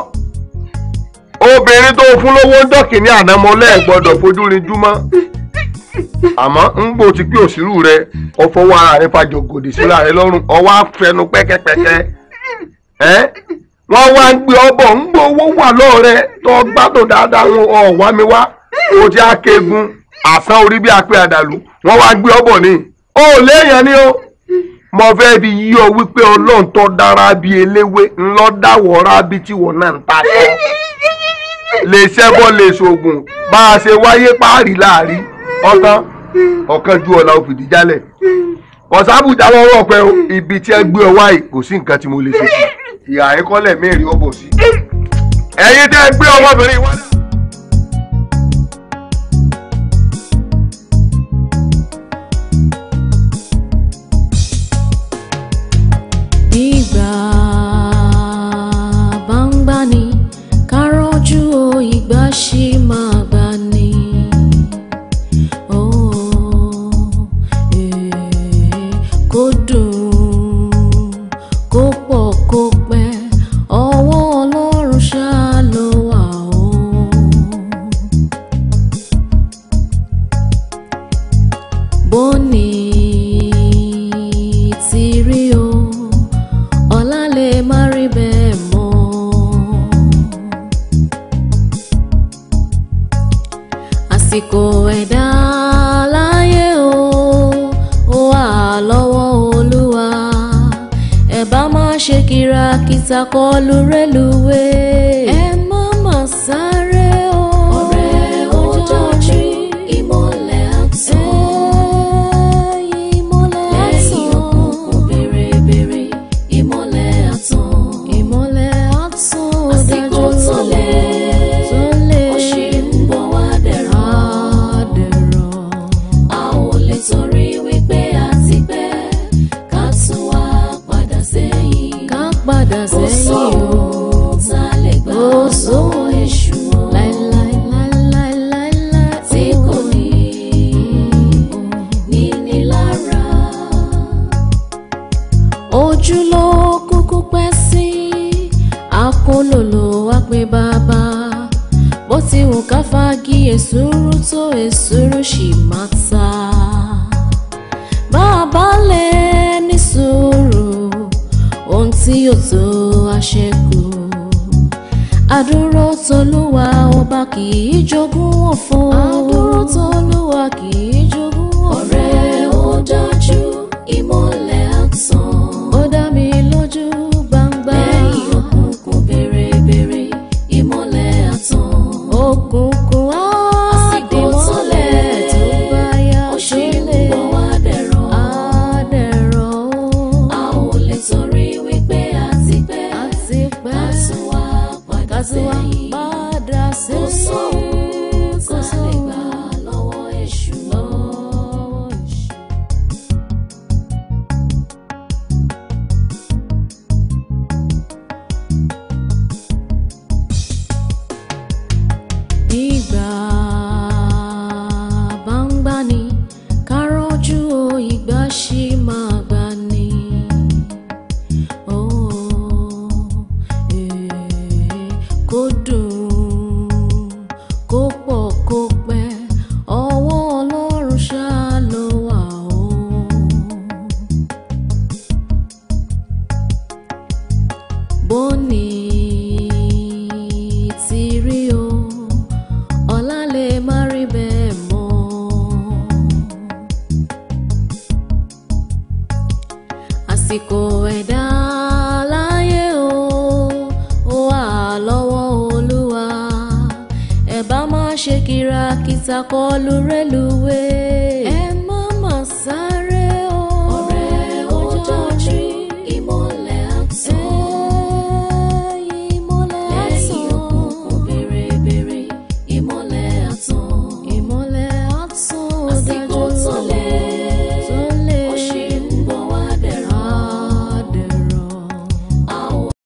obìnrin tó fún lówó dọ́kìnní ànámọ́lẹ́ gbọ́dọ̀ fojú rinjú mọ́ àmọ́ ń gbò tí pé òsírù rẹ ara rẹ fàjọ gòdì síra rẹ lọ́rùn ọwọ́ àfẹnu pẹ́kẹ́pẹ́kẹ́ ẹ́ wọ́n wá ń gbé ọbọ̀ ń gbé owó wà lọ́ọ̀rẹ́ tó gbádùn dáadáa wọn ọ̀wá wá o ti á kegun ni. o léèyàn ni o mo fẹ́ bi ọ wípé to dara dára bíi eléwé ńlọ dáwọ̀ọ́rá bíi tíwọ̀ wo na ta tán le bá a se wáyé páàrí láàrí ọ̀tán ọ̀kan ju ọ̀la òfìdí jálẹ̀ ọ̀sábùjá lọ́wọ́ ibi tí ẹ gbé ọ wáyé kò sí tí mo lè ṣe sí ìhà ẹ̀kọ́lẹ̀ mẹ́rin ọ̀bọ̀ ẹ gbé